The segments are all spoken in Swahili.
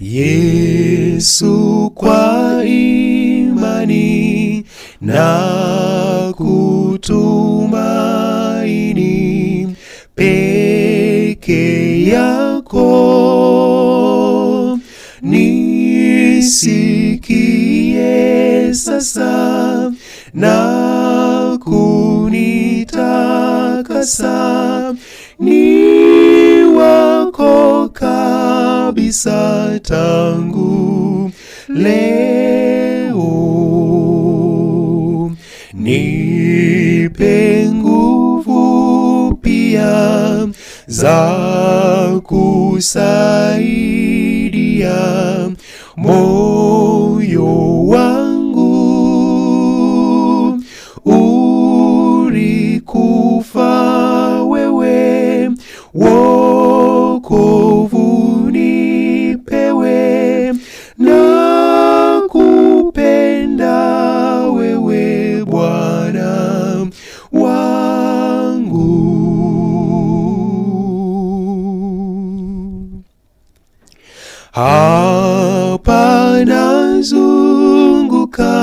Yesu, kwa imani na kutumaini peke yako, nisikie sasa na kunitakasa ni kabisa tangu leo. Nipe nguvu pia za kusaidia moyo wangu ulikufa wewe woko Hapa nazunguka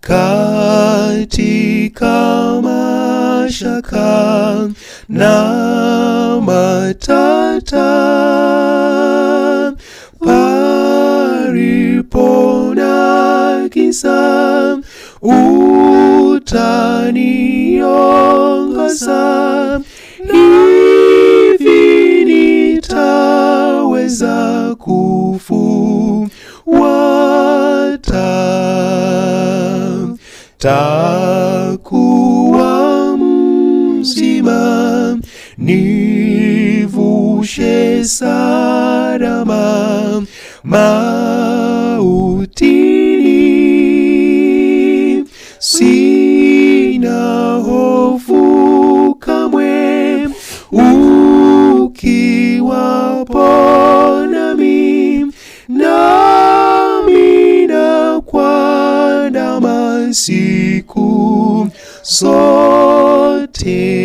katika mashaka na matata, palipo kisa utanio kufuata takuwa msiba nivushe salama mauti siku zote.